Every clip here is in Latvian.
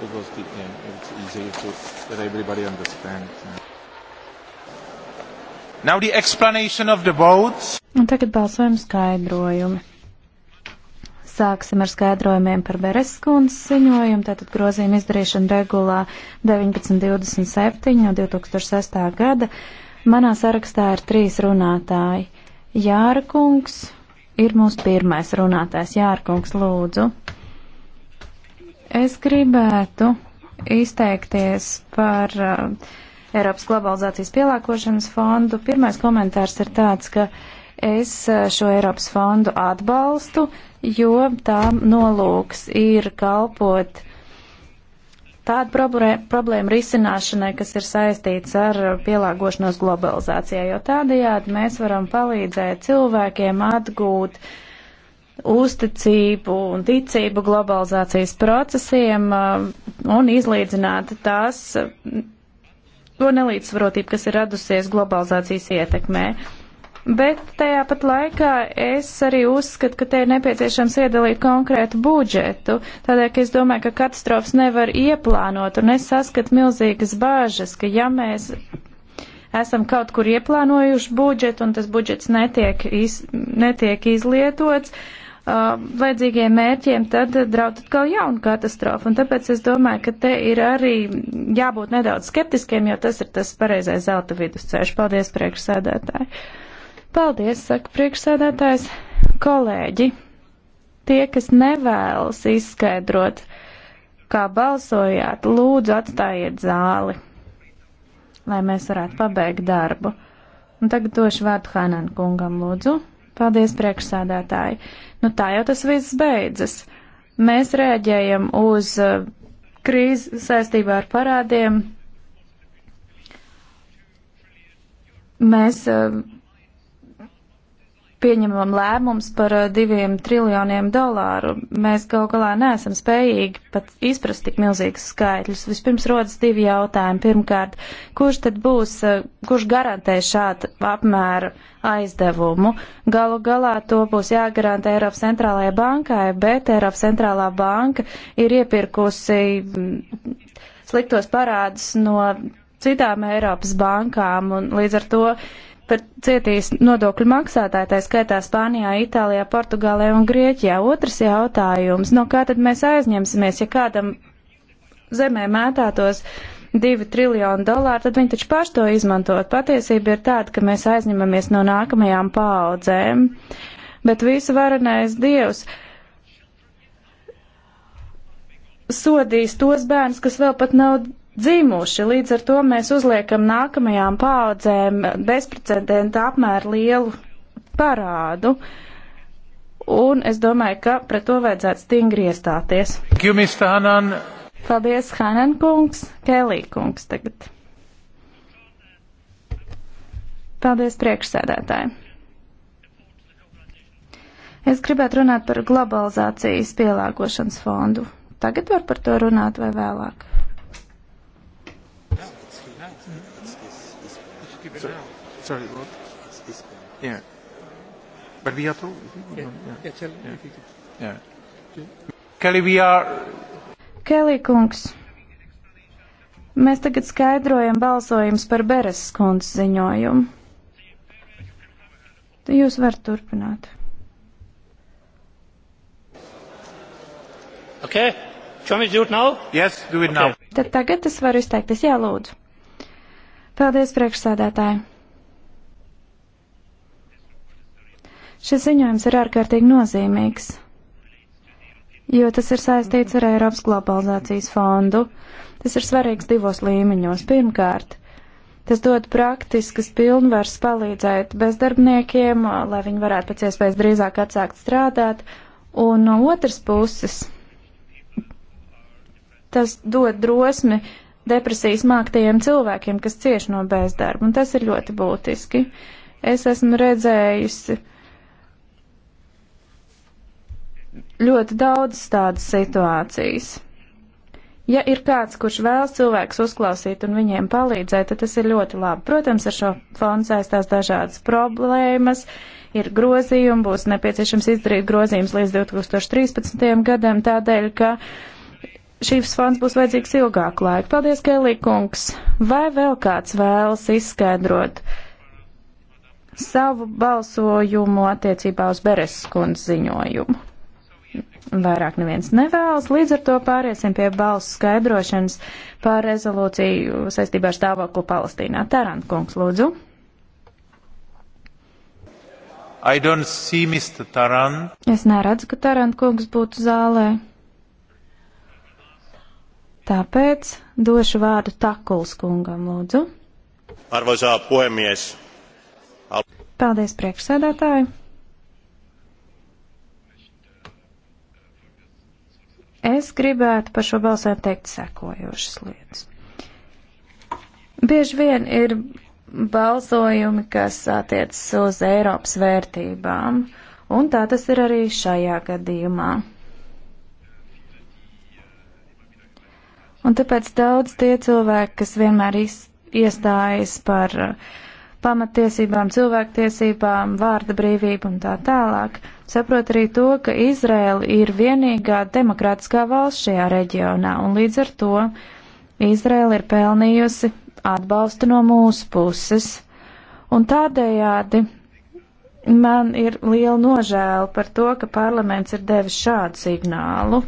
because the, yeah, it's easier to, that everybody understands. Yeah. Now the explanation of the votes. Un tagad balsojuma skaidrojumi. Sāksim ar skaidrojumiem par Bereskundas ziņojumu, tātad grozījuma izdarīšana regulā 1927 no 2006. gada. Manā sarakstā ir trīs runātāji. Jārkungs ir mūsu pirmais runātājs. Jārkungs, lūdzu. Es gribētu izteikties par uh, Eiropas globalizācijas pielāgošanas fondu. Pirmais komentārs ir tāds, ka es uh, šo Eiropas fondu atbalstu, jo tā nolūks ir kalpot tādu problēmu risināšanai, kas ir saistīts ar pielāgošanos globalizācijai, jo tādajādi mēs varam palīdzēt cilvēkiem atgūt uh, uzticību un ticību globalizācijas procesiem uh, un izlīdzināt tās uh, to nelīdzsvarotību, kas ir radusies globalizācijas ietekmē. Bet tajā pat laikā es arī uzskatu, ka te ir nepieciešams iedalīt konkrētu budžetu, tādēļ, ka es domāju, ka katastrofas nevar ieplānot, un es saskatu milzīgas bāžas, ka ja mēs esam kaut kur ieplānojuši budžetu, un tas budžets netiek, iz, netiek izlietots, uh, Uh, vajadzīgiem mērķiem, tad draudz atkal jauna katastrofa. Un tāpēc es domāju, ka te ir arī jābūt nedaudz skeptiskiem, jo tas ir tas pareizais zelta vidusceļš. Paldies, priekšsēdētāji! Paldies, saka priekšsēdētājs, kolēģi! Tie, kas nevēlas izskaidrot, kā balsojāt, lūdzu atstājiet zāli, lai mēs varētu pabeigt darbu. Un tagad došu vārdu Hanan kungam, lūdzu. Paldies, priekšsādātāji. Nu tā jau tas viss beidzas. Mēs rēģējam uz uh, krīzi saistībā ar parādiem. Mēs uh, pieņemam lēmums par diviem triljoniem dolāru. Mēs gal galā neesam spējīgi pat izprast tik milzīgas skaitļus. Vispirms rodas divi jautājumi. Pirmkārt, kurš tad būs, kurš garantē šādu apmēru aizdevumu? Galu galā to būs jāgarantē Eiropas centrālajai bankai, bet Eiropas centrālā banka ir iepirkusi mm, sliktos parādus no citām Eiropas bankām un līdz ar to par cietīs nodokļu maksātāji, tā skaitā Spānijā, Itālijā, Portugālē un Grieķijā. Otrs jautājums, no kā tad mēs aizņemsimies, ja kādam zemē mētātos divi triljoni dolāri, tad viņi taču paši to izmantot. Patiesība ir tāda, ka mēs aizņemamies no nākamajām paaudzēm, bet visu varenais dievs sodīs tos bērnus, kas vēl pat nav dzīvojuši. Līdz ar to mēs uzliekam nākamajām paudzēm bezprecedenta apmēru lielu parādu. Un es domāju, ka pret to vajadzētu stingri iestāties. Paldies, Hanan kungs, Kelī kungs tagad. Paldies priekšsēdētājiem. Es gribētu runāt par globalizācijas pielāgošanas fondu. Tagad var par to runāt vai vēlāk? Sorry, what? It's this pen. Yeah. But we are told. Yeah. Yeah. Yeah, tell yeah. If you could. yeah. Kelly, we are... Kelly kungs, mēs tagad skaidrojam balsojums par Beres kundas ziņojumu. Jūs varat turpināt. Okay. Yes, okay. Tad tagad es varu izteikties. Jā, lūdzu. Paldies, priekšsādātāji. Šis ziņojums ir ārkārtīgi nozīmīgs, jo tas ir saistīts ar Eiropas globalizācijas fondu. Tas ir svarīgs divos līmeņos. Pirmkārt, Tas dod praktiskas pilnvaras palīdzēt bezdarbniekiem, lai viņi varētu pēc iespējas drīzāk atsākt strādāt. Un no otras puses, tas dod drosmi depresijas māktajiem cilvēkiem, kas cieš no bezdarba, un tas ir ļoti būtiski. Es esmu redzējusi ļoti daudz tādas situācijas. Ja ir kāds, kurš vēlas cilvēkus uzklausīt un viņiem palīdzēt, tad tas ir ļoti labi. Protams, ar šo fondu saistās dažādas problēmas, ir grozījumi, būs nepieciešams izdarīt grozījumus līdz 2013. gadam, tādēļ, ka šīs fonds būs vajadzīgs ilgāku laiku. Paldies, Kelī kungs! Vai vēl kāds vēlas izskaidrot savu balsojumu attiecībā uz Beres kundzes ziņojumu? Vairāk neviens nevēlas, līdz ar to pāriesim pie balsu skaidrošanas par rezolūciju saistībā ar stāvokli Palestīnā. Tarant kungs, lūdzu. I don't see Mr. Tarant. Es neredzu, ka Tarant kungs būtu zālē. Tāpēc došu vārdu Takuls kungam, lūdzu. Arvoisā puhemies. Al Paldies, priekšsēdētāji. Es gribētu par šo balsojumu teikt sekojošas lietas. Bieži vien ir balsojumi, kas attiecas uz Eiropas vērtībām, un tā tas ir arī šajā gadījumā. Un tāpēc daudz tie cilvēki, kas vienmēr iz, iestājas par uh, pamatiesībām, cilvēktiesībām, vārda brīvību un tā tālāk. Saprot arī to, ka Izraela ir vienīgā demokrātiskā valsts šajā reģionā, un līdz ar to Izraela ir pelnījusi atbalstu no mūsu puses. Un tādējādi man ir liela nožēla par to, ka parlaments ir devis šādu signālu.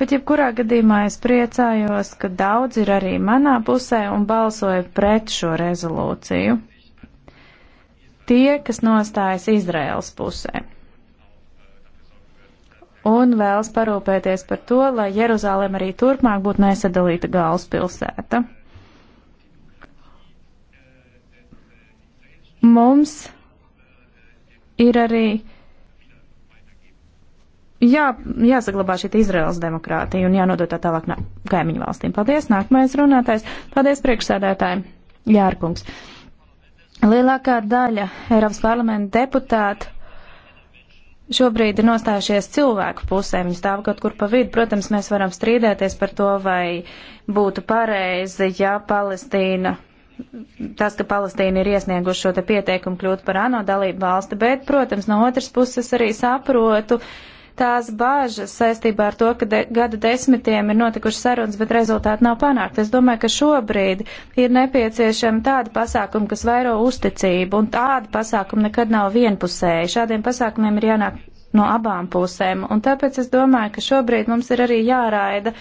Bet jebkurā gadījumā es priecājos, ka daudz ir arī manā pusē un balsoja pret šo rezolūciju tie, kas nostājas Izraels pusē. Un vēlas parūpēties par to, lai Jeruzālēm arī turpmāk būtu nesadalīta galvaspilsēta. Mums ir arī jā, jāsaglabā šī Izraels demokrātija un jānodot tā tālāk kaimiņu valstīm. Paldies, nākamais runātājs. Paldies, priekšsēdētāji. Jārkungs. Uh, Lielākā daļa Eiropas parlamenta deputātu šobrīd ir nostājušies cilvēku pusē, viņi stāv kaut kur pa vidu. Protams, mēs varam strīdēties par to, vai būtu pareizi, ja Palestīna, tas, ka Palestīna ir iesnieguši šo te pieteikumu kļūt par ANO dalību valsti, bet, protams, no otras puses arī saprotu, uh, tās bāžas saistībā ar to, ka de gadu desmitiem ir notikušas sarunas, bet rezultāti nav panākti. Es domāju, ka šobrīd ir nepieciešama tāda pasākuma, kas vairo uzticību, un tāda pasākuma nekad nav vienpusēja. Šādiem pasākumiem ir jānāk no abām pusēm, un tāpēc es domāju, ka šobrīd mums ir arī jāraida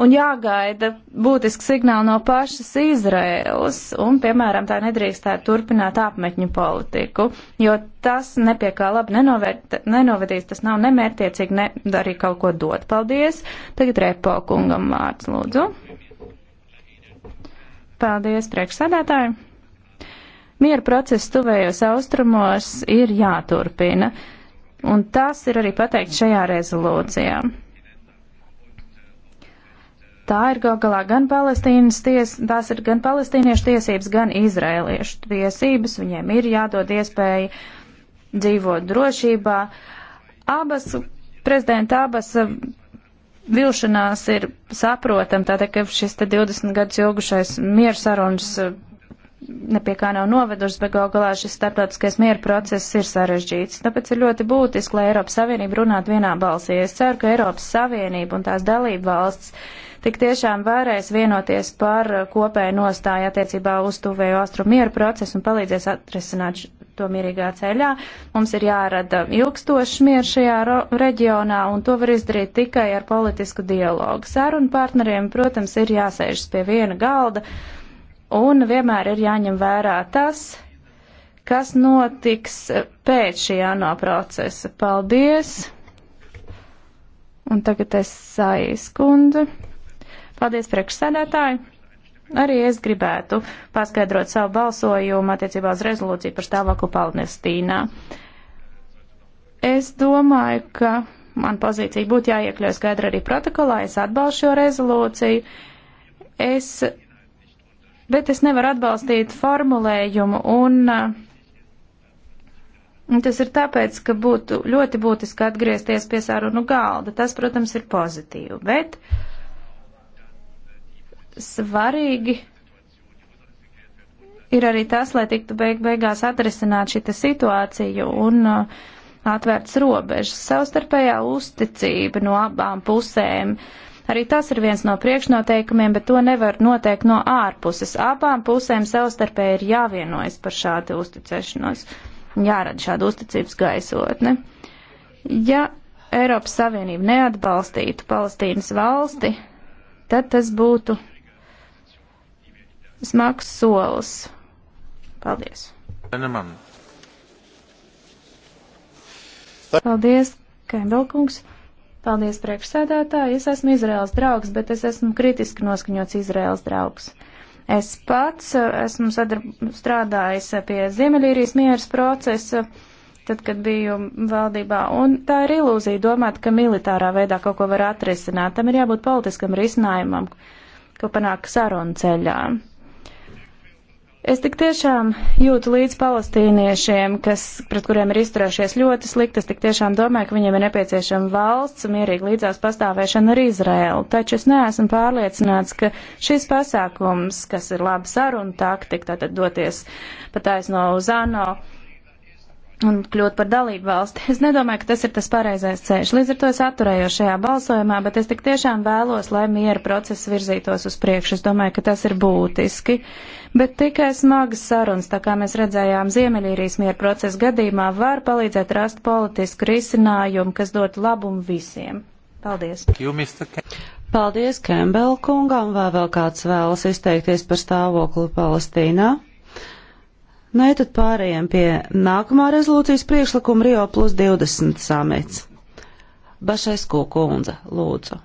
un jāgaida būtiski signāli no pašas Izraēlas, un, piemēram, tā nedrīkstētu turpināt apmetņu politiku, jo tas nepie kā labi nenovērt, nenovedīs, tas nav nemērtiecīgi, ne arī kaut ko dot. Paldies! Tagad repo kungam vārds, lūdzu. Paldies, priekšsādātāji! Miera process tuvējos austrumos ir jāturpina, un tas ir arī pateikt šajā rezolūcijā. Tā ir gal galā gan palestīnas ties, tās ir gan palestīniešu tiesības, gan izrēliešu tiesības. Viņiem ir jādod iespēja dzīvot drošībā. Abas, prezidenta abas vilšanās ir saprotam, tātad, ka šis te 20 gadus ilgušais mieru sarunas pie kā nav novedušas, bet gal galā šis starptautiskais miera process ir sarežģīts. Tāpēc ir ļoti būtiski, lai Eiropas Savienība runātu vienā balsī. Es ceru, ka Eiropas Savienība un tās dalība valsts tik tiešām varēs vienoties par kopēju nostāju attiecībā uz tuvējo austrumu miera procesu un palīdzēs atrisināt to mierīgā ceļā. Mums ir jārada ilgstošs miers šajā reģionā, un to var izdarīt tikai ar politisku dialogu. Sarunu partneriem, protams, ir jāsēžas pie viena galda un vienmēr ir jāņem vērā tas, kas notiks pēc šī ANO procesa. Paldies! Un tagad es saīskundze. Paldies priekšsēdētāji! Arī es gribētu paskaidrot savu balsojumu attiecībā uz rezolūciju par stāvokli Palnestīnā. Es domāju, ka man pozīcija būtu jāiekļauj skaidri arī protokolā. Es atbalstu šo rezolūciju. Es bet es nevaru atbalstīt formulējumu un uh, Un tas ir tāpēc, ka būtu ļoti būtiski atgriezties pie sarunu galda. Tas, protams, ir pozitīvi, bet svarīgi ir arī tas, lai tiktu beig beigās atrisināt šita situācija un uh, atvērts robežas. Savstarpējā uzticība no abām pusēm. Uh, Arī tas ir viens no priekšnoteikumiem, bet to nevar noteikt no ārpuses. Abām pusēm savstarpēji ir jāvienojas par šādu uzticēšanos, jārada šāda uzticības gaisotne. Ja Eiropas Savienība neatbalstītu Palestīnas valsti, tad tas būtu smags solis. Paldies! Paldies, Kaimbelkungs! Paldies, priekšsēdētāji. Es esmu Izraels draugs, bet es esmu kritiski noskaņots Izraels draugs. Es pats uh, esmu sadarb... strādājis uh, pie Ziemeļīrijas mieras procesa, tad, kad biju valdībā, un tā ir ilūzija domāt, ka militārā veidā kaut ko var atrisināt. Tam ir jābūt politiskam risinājumam, ko panāk sarunu ceļā. Es tik tiešām jūtu līdz palestīniešiem, kas, pret kuriem ir izturējušies ļoti slikti. Es tik tiešām domāju, ka viņiem ir nepieciešama valsts mierīga līdzās pastāvēšana ar Izraēlu. Taču es neesmu pārliecināts, ka šis pasākums, kas ir laba saruna taktika, tātad doties pat aizno uz ANO, un kļūt par dalību valsti. Es nedomāju, ka tas ir tas pareizais ceļš. Līdz ar to es atturējos šajā balsojumā, bet es tik tiešām vēlos, lai miera process virzītos uz priekšu. Es domāju, ka tas ir būtiski. Bet tikai smagas sarunas, tā kā mēs redzējām Ziemeļīrijas miera procesa gadījumā, var palīdzēt rast politisku risinājumu, kas dot labumu visiem. Paldies! Paldies Kembel kungam, vai vēl kāds vēlas izteikties par stāvokli Palestīnā? Nē, nu, tad pārējiem pie nākamā rezolūcijas priekšlikuma Rio plus 20 samits. Bašais Kukundze, lūdzu.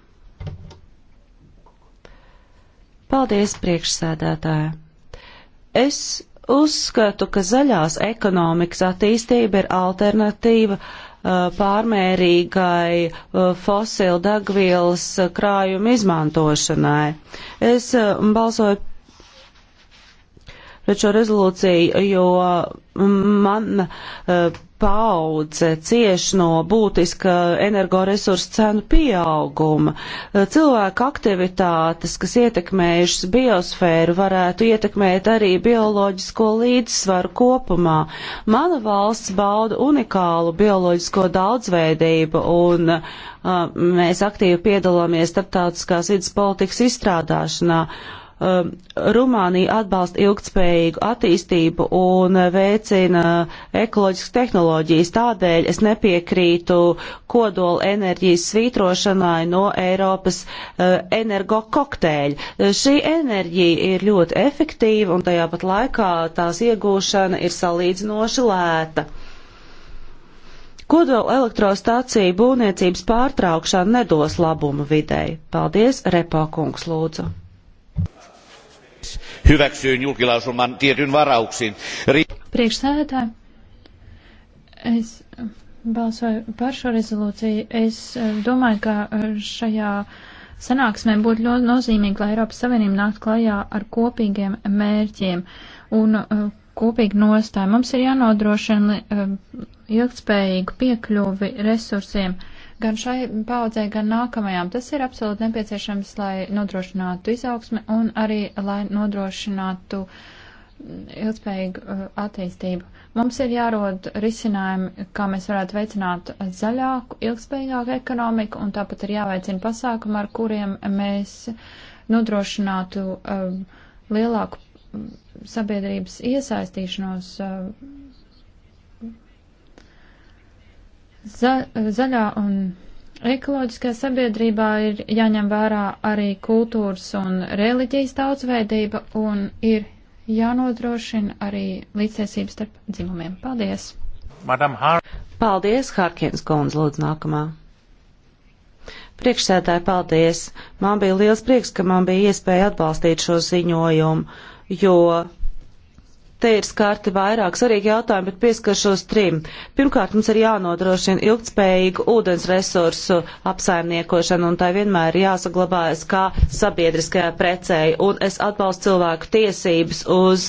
Paldies, priekšsēdētāja. Es uzskatu, ka zaļās ekonomikas attīstība ir alternatīva uh, pārmērīgai uh, fosilu degvielas uh, krājuma izmantošanai. Es balsoju pret šo rezolūciju, jo man uh, paudze cieš no būtiska energoresursu cenu pieauguma. Eh, cilvēku aktivitātes, kas ietekmējušas biosfēru, varētu ietekmēt arī bioloģisko līdzsvaru kopumā. Mana valsts bauda unikālu bioloģisko daudzveidību un uh, mēs aktīvi piedalāmies starptautiskās vidas politikas izstrādāšanā. Uh, um, Rumānija atbalsta ilgtspējīgu attīstību un uh, veicina ekoloģiskas tehnoloģijas. Tādēļ es nepiekrītu kodola enerģijas svītrošanai no Eiropas uh, energo kokteļa. Uh, šī enerģija ir ļoti efektīva un tajā pat laikā tās iegūšana ir salīdzinoši lēta. Kodola elektrostācija būvniecības pārtraukšana nedos labumu videi. Paldies, Repā kungs, lūdzu hyväksyin julkilausuman tietyn varauksin. Ri... Priekšsēdētāji, es balsoju par šo rezolūciju. Es eh, domāju, ka eh, šajā sanāksmē būtu ļoti nozīmīgi, lai Eiropas Savienība nākt klajā ar kopīgiem mērķiem un eh, kopīgu nostāju. Mums ir jānodrošina ilgtspējīgu piekļuvi resursiem. Uh, gan šai paudzei, gan nākamajām. Tas ir absolūti nepieciešams, lai nodrošinātu izaugsmi un arī, lai nodrošinātu ilgspējīgu uh, attīstību. Mums ir jārod risinājumi, kā mēs varētu veicināt zaļāku, ilgspējīgāku ekonomiku, un tāpat ir jāveicina pasākumi, ar kuriem mēs nodrošinātu um, lielāku um, sabiedrības iesaistīšanos uh, Za, zaļā un ekoloģiskajā sabiedrībā ir jāņem vērā arī kultūras un reliģijas daudzveidība un ir jānodrošina arī līdztiesības starp dzimumiem. Paldies! Har paldies, Harkins kundze, lūdzu nākamā. Priekšsētāji, paldies! Man bija liels prieks, ka man bija iespēja atbalstīt šo ziņojumu, jo Te ir skārti vairāk svarīgi jautājumi, bet pieskaršos trim. Pirmkārt, mums ir jānodrošina ilgtspējīgu ūdens resursu apsaimniekošanu, un tā vienmēr ir jāsaglabājas kā sabiedriskajā precei. Un es atbalstu cilvēku tiesības uz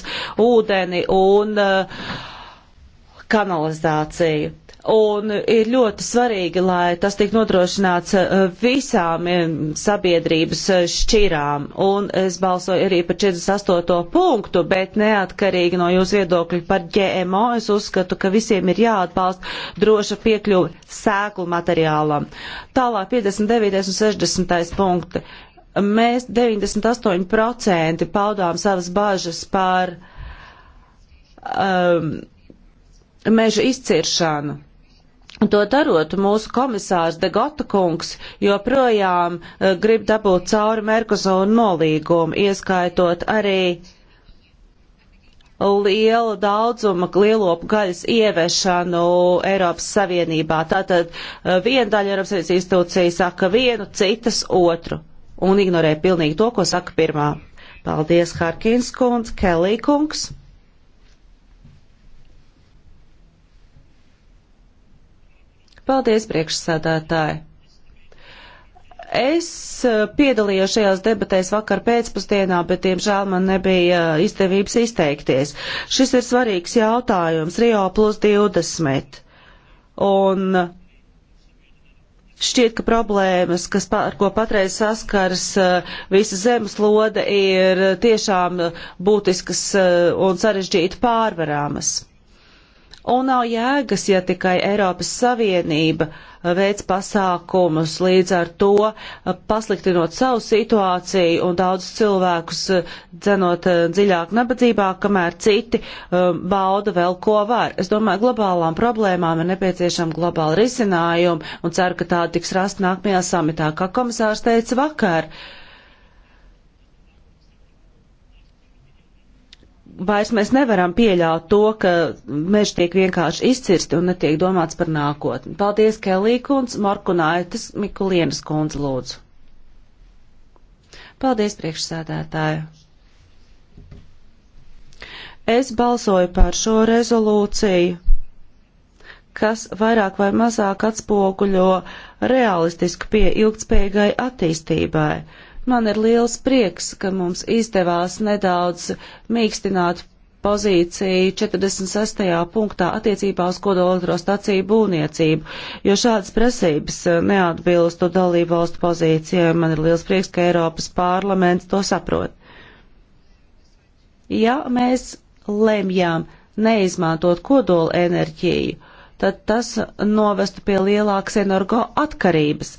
ūdeni un uh, kanalizāciju. Un ir ļoti svarīgi, lai tas tiek nodrošināts eh, visām eh, sabiedrības eh, šķirām. Un es balsoju arī par 48. punktu, bet neatkarīgi no jūsu viedokļa par GMO, es uzskatu, ka visiem ir jāatbalsta droša piekļuva sēklu materiālam. Tālāk 59. un 60. punkti. Mēs 98% paudām savas bažas par um, ehm, meža izciršanu to darot, mūsu komisārs Degota kungs joprojām uh, grib dabūt cauri Merkuzonu nolīgumu, ieskaitot arī lielu daudzumu lielopu gaļas ieviešanu Eiropas Savienībā. Tātad uh, viena daļa Eiropas Savienības institūcija saka vienu, citas otru un ignorē pilnīgi to, ko saka pirmā. Paldies, Harkins kundz, Kelī kungs. Paldies, priekšsēdētāji! Es eh, piedalījos šajās debatēs vakar pēcpusdienā, bet, diemžēl, man nebija eh, izdevības izteikties. Šis ir svarīgs jautājums - Rio plus 20. Un šķiet, ka problēmas, kas, ar ko patreiz saskars eh, visa zemeslode, ir tiešām būtiskas un sarežģīti pārvarāmas. Un nav jēgas, ja tikai Eiropas Savienība uh, veids pasākumus līdz ar to uh, pasliktinot savu situāciju un daudz cilvēkus uh, dzenot dziļāk nabadzībā, kamēr citi bauda vēl ko var. Es domāju, globālām problēmām ir nepieciešama globāla risinājuma un ceru, ka tāda tiks rast nākamajā samitā, kā komisārs teica vakar. Uh, vairs mēs nevaram pieļaut to, ka meži tiek vienkārši izcirsti un netiek domāts par nākotni. Paldies, Kelī kundz, Markunaitis, Mikulienas kundz, lūdzu. Paldies, priekšsēdētāji. Es balsoju par šo rezolūciju, kas vairāk vai mazāk atspoguļo realistisku pie ilgtspējīgai attīstībai Man ir liels prieks, ka mums izdevās nedaudz mīkstināt pozīciju 46. punktā attiecībā uz kodolelektrostaciju būvniecību, jo šādas prasības eh, neatbilstu dalību valstu pozīcijai. Man ir liels prieks, ka Eiropas parlaments to saprot. Ja mēs lemjām neizmantot kodola enerģiju, tad tas novestu pie lielākas energo atkarības.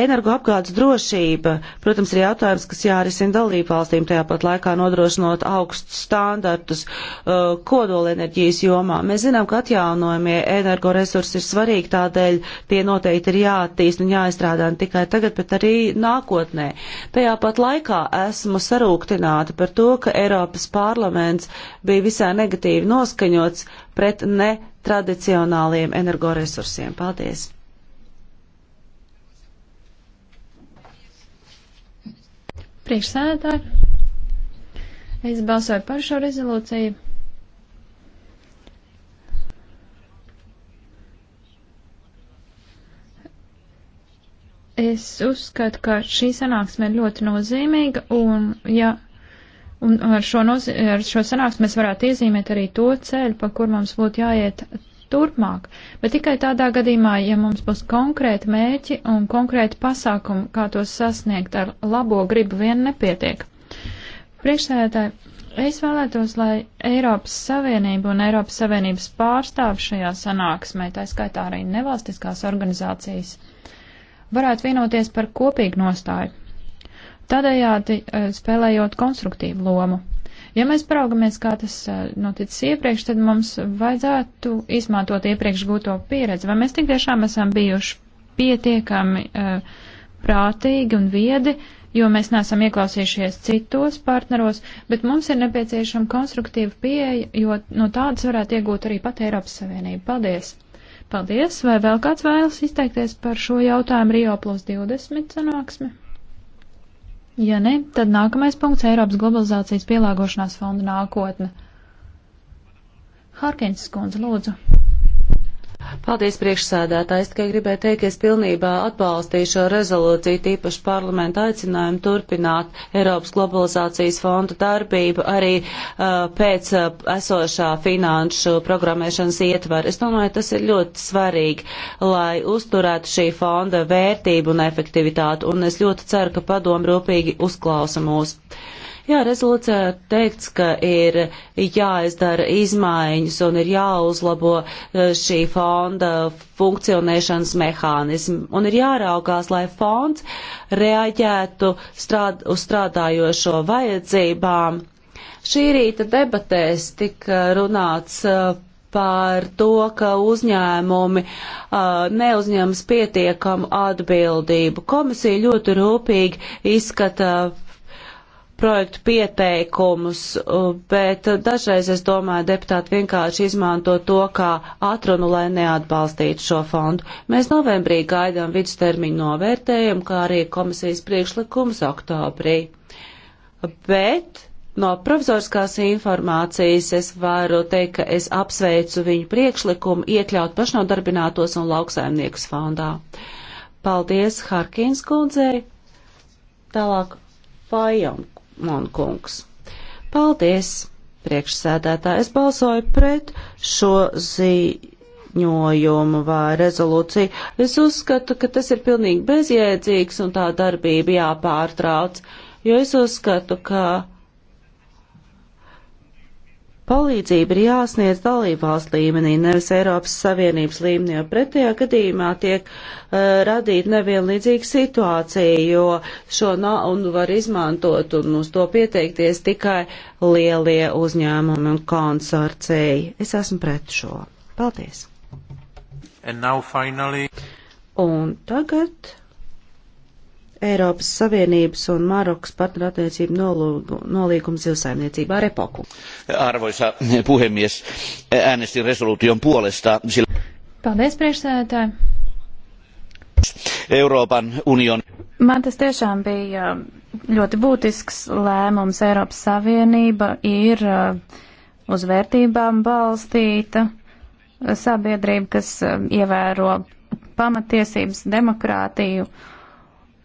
Energoapgādes drošība, protams, ir jautājums, kas jārisina dalību valstīm, tajāpat laikā nodrošinot augstus standartus uh, kodolenerģijas jomā. Mēs zinām, ka atjaunojamie energoresursi ir svarīgi, tādēļ tie noteikti ir jāattīst un jāizstrādā ne tikai tagad, bet arī nākotnē. Tajāpat laikā esmu sarūktināta par to, ka Eiropas parlaments bija visai negatīvi noskaņots pret netradicionāliem energoresursiem. Paldies! priekšsēdētāji. Es balsoju par šo rezolūciju. Es uzskatu, ka šī sanāksme ir ļoti nozīmīga un, ja, un ar, šo nozi ar šo sanāksmi mēs varētu iezīmēt arī to ceļu, pa kur mums būtu jāiet turpmāk, bet tikai tādā gadījumā, ja mums būs konkrēti mērķi un konkrēti pasākumi, kā tos sasniegt ar labo gribu vien nepietiek. Priekšsēdētāji, es vēlētos, lai Eiropas Savienība un Eiropas Savienības pārstāv šajā sanāksmē, tā skaitā arī nevalstiskās organizācijas, varētu vienoties par kopīgu nostāju, tādējādi eh, spēlējot konstruktīvu lomu. Ja mēs paraugamies, kā tas noticis iepriekš, tad mums vajadzētu izmantot iepriekš gūto pieredzi. Vai mēs tik tiešām esam bijuši pietiekami uh, prātīgi un viedi, jo mēs neesam ieklausījušies citos partneros, bet mums ir nepieciešama konstruktīva pieeja, jo no tādas varētu iegūt arī pat Eiropas Savienība. Paldies! Paldies! Vai vēl kāds vēlas izteikties par šo jautājumu Rio plus 20 sanāksmi? Ja ne, tad nākamais punkts - Eiropas globalizācijas pielāgošanās fonda nākotne. Harkins skundze, lūdzu. Paldies priekšsēdētājs, tikai gribēju teikt, ka es pilnībā atbalstīju šo rezolūciju, tīpaši parlamentu aicinājumu turpināt Eiropas globalizācijas fonda darbību arī uh, pēc uh, esošā finanšu programmēšanas ietvara. Es domāju, tas ir ļoti svarīgi, lai uzturētu šī fonda vērtību un efektivitātu, un es ļoti ceru, ka padomu rūpīgi uzklausa mūs. Uh, Jā, rezolūcijā teikts, ka ir jāizdara izmaiņas un ir jāuzlabo e, šī fonda funkcionēšanas mehānismi un ir jāraugās, lai fonds reaģētu strād uz strādājošo vajadzībām. Šī rīta debatēs tika runāts e, par to, ka uzņēmumi uh, e, neuzņems pietiekamu atbildību. Komisija ļoti rūpīgi izskata projektu pieteikumus, uh, bet dažreiz, es domāju, deputāti vienkārši izmanto to kā atrunu, lai neatbalstītu šo fondu. Mēs novembrī gaidām vidustermiņu novērtējumu, kā arī komisijas priekšlikums oktobrī. Bet no provizoriskās informācijas es varu teikt, ka es apsveicu viņu priekšlikumu iekļaut pašnodarbinātos un lauksaimniekus fondā. Paldies Harkins kundzei. Tālāk Fajom Monkungs. Paldies, priekšsēdētā. Es balsoju pret šo ziņojumu vai rezolūciju. Es uzskatu, ka tas ir pilnīgi bezjēdzīgs un tā darbība jāpārtrauc, jo es uzskatu, ka Palīdzība ir jāsniedz dalībvalsts līmenī, nevis Eiropas Savienības līmenī, jo pretējā gadījumā tiek uh, radīta nevienlīdzīga situācija, jo šo naudu var izmantot un uz to pieteikties tikai lielie uzņēmumi un konsorcēji. Es esmu pret šo. Paldies! Finally... Un tagad Eiropas Savienības un Marokas partnerattiecību nolīgums zilsaimniecībā Repoku. Arvoisa puhemies, äänestin resoluution puolesta. Sillä... Paldies, priekšsēdētāji. Euroopan union. Man tas tiešām bija um, ļoti būtisks lēmums. Eiropas Savienība ir uh, uz vērtībām balstīta sabiedrība, kas um, ievēro pamatiesības, demokrātiju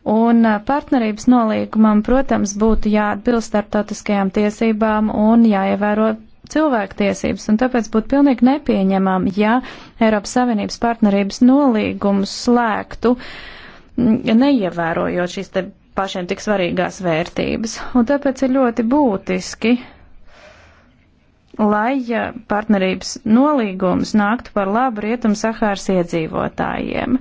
Un eh, partnerības nolīgumam, protams, būtu jāatbilst starptautiskajām tiesībām un jāievēro cilvēktiesības, un tāpēc būtu pilnīgi nepieņemam, ja Eiropas Savienības partnerības nolīgumus slēgtu, mm, neievērojot šīs te pašiem tik svarīgās vērtības. Un tāpēc ir ļoti būtiski lai partnerības nolīgums nāktu par labu Rietum-Sahāras iedzīvotājiem.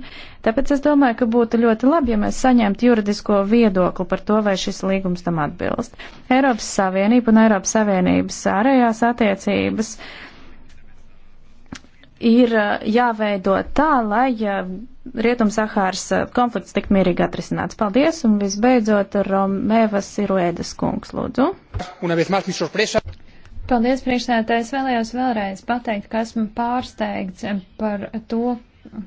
Tāpēc es domāju, ka būtu ļoti labi, ja mēs saņemtu juridisko viedokli par to, vai šis līgums tam atbilst. Eiropas Savienība un Eiropas Savienības ārējās attiecības ir uh, jāveido tā, lai uh, Rietum-Sahāras uh, konflikts tik mierīgi atrisināts. Paldies, un visbeidzot Romēvas Iruēdas kungs, lūdzu. Paldies, priekšsēdētājs. Vēlējos vēlreiz pateikt, ka esmu pārsteigts par to,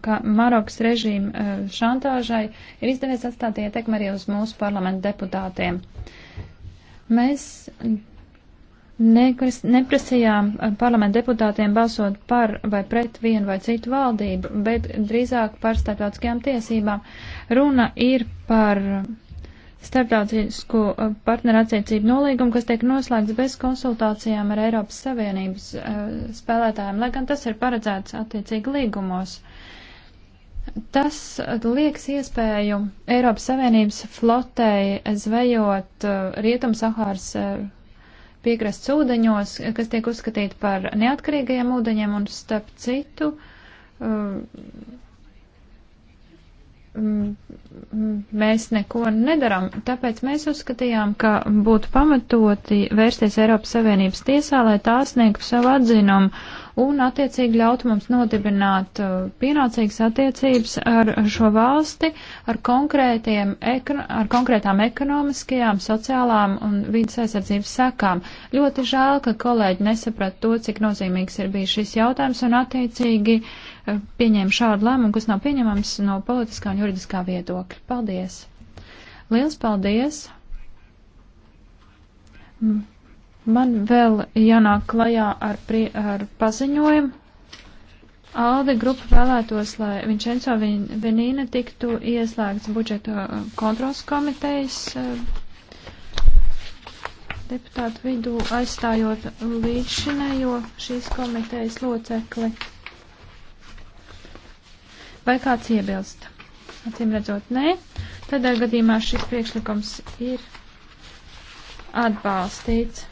ka Marokas režīma e, šantāžai ir izdevies atstāt ietekmi arī uz mūsu parlamentu deputātiem. Mēs nekris, neprasījām parlamentu deputātiem balsot par vai pret vienu vai citu valdību, bet drīzāk par starptautiskajām tiesībām. Runa ir par starptautisku eh, partneru attiecību nolīgumu, kas tiek noslēgts bez konsultācijām ar Eiropas Savienības uh, spēlētājiem, lai gan tas ir paredzēts attiecīgi līgumos. Tas liekas iespēju Eiropas Savienības flotei zvejot uh, eh, Rietum Sahāras uh, piekrasts ūdeņos, kas tiek uzskatīti par neatkarīgajiem ūdeņiem un starp citu. Uh, Mm, mm, mēs neko nedaram. Tāpēc mēs uzskatījām, ka būtu pamatoti vērsties Eiropas Savienības tiesā, lai tā sniegtu savu atzinumu un attiecīgi ļautu mums nodibināt uh, pienācīgas attiecības ar šo valsti, ar, ar konkrētām ekonomiskajām, sociālām un vidas aizsardzības sekām. Ļoti žēl, ka kolēģi nesaprat to, cik nozīmīgs ir bijis šis jautājums un attiecīgi uh, pieņēma šādu lēmumu, kas nav pieņemams no politiskā un juridiskā viedokļa. Paldies! Liels paldies! Mm. Man vēl jānāk klajā ar, pri, ar paziņojumu. Alde grupa vēlētos, lai Vincenzo Venīna tiktu ieslēgts budžeta uh, kontrols komitejas uh, deputātu vidū, aizstājot līdzšinējo šīs komitejas locekli. Vai kāds iebilst? Acīm redzot, nē. Tādā gadījumā šis priekšlikums ir atbalstīts.